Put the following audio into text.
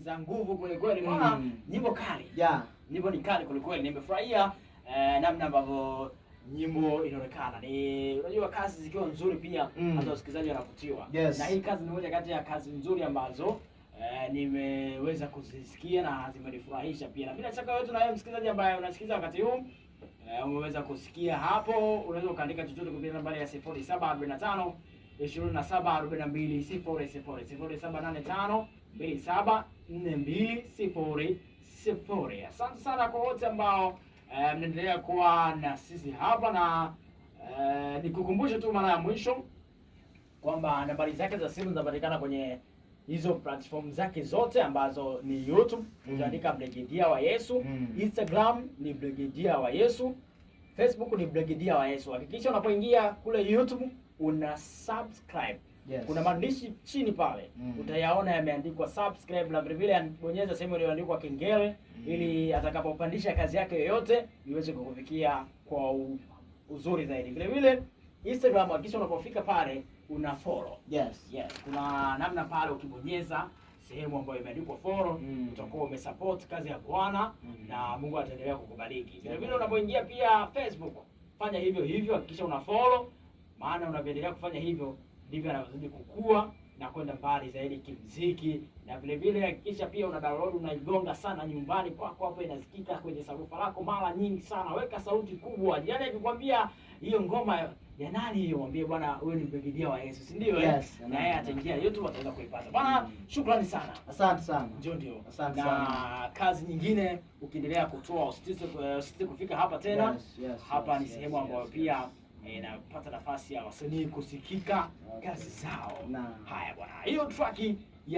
za nguvu kwelikweli, kweli, mm. nyimbo kali yeah. nyimbo ni kali kweli, Nimefurahia eh, namna ambavyo nyimbo inaonekana ni unajua, kazi zikiwa nzuri pia mm. hata wasikilizaji wanavutiwa yes. na hii kazi ni moja kati ya kazi nzuri ambazo eh, nimeweza kuzisikia na zimenifurahisha pia, na bila shaka wewe na wewe msikilizaji ambaye unasikiliza wakati huu eh, umeweza kusikia hapo. Unaweza ukaandika chochote kupitia nambari ya 0745 2742 00 0785 274200. Asante sana kwa wote ambao eh, mnaendelea um, kuwa na sisi hapa na uh, nikukumbushe tu mara ya mwisho kwamba nambari zake za simu zinapatikana kwenye hizo platform zake zote ambazo ni YouTube utaandika mm. Brigedia wa Yesu mm. Instagram ni Brigedia wa Yesu, Facebook ni Brigedia wa Yesu. Hakikisha unapoingia kule YouTube una subscribe Yes. Kuna maandishi chini pale mm. Utayaona yameandikwa subscribe na vile vile bonyeza sehemu iliyoandikwa kengele mm. Ili atakapopandisha kazi yake yoyote iweze kukufikia kwa u, uzuri zaidi. Vile vile Instagram hakikisha unapofika pale una follow. Yes. Yes. Kuna namna pale ukibonyeza sehemu ambayo imeandikwa follow mm. Utakuwa umesupport kazi ya Bwana mm. Na Mungu ataendelea kukubariki. Vile vile unapoingia pia Facebook fanya hivyo hivyo, hakikisha una follow, maana unavyoendelea kufanya hivyo ndivyo anavyozidi kukua na kwenda mbali zaidi kimziki, na vile vile hakikisha pia una download unaigonga sana nyumbani kwako, hapo inasikika kwenye sarufa lako mara nyingi sana. Weka sauti kubwa, jirani akikwambia hiyo ngoma ya nani hiyo, mwambie bwana, wewe ni mbibilia wa Yesu, si ndio? Eh? Yes, na yeye ataingia YouTube, ataweza kuipata bwana. Mm. Shukrani sana, asante sana, ndio ndio, asante sana. Na kazi nyingine ukiendelea kutoa, usitise eh, kufika hapa tena. Yes, yes, hapa yes, ni sehemu yes, ambayo yes, pia yes inapata nafasi ya wasanii kusikika kazi zao. Haya bwana, hiyo traki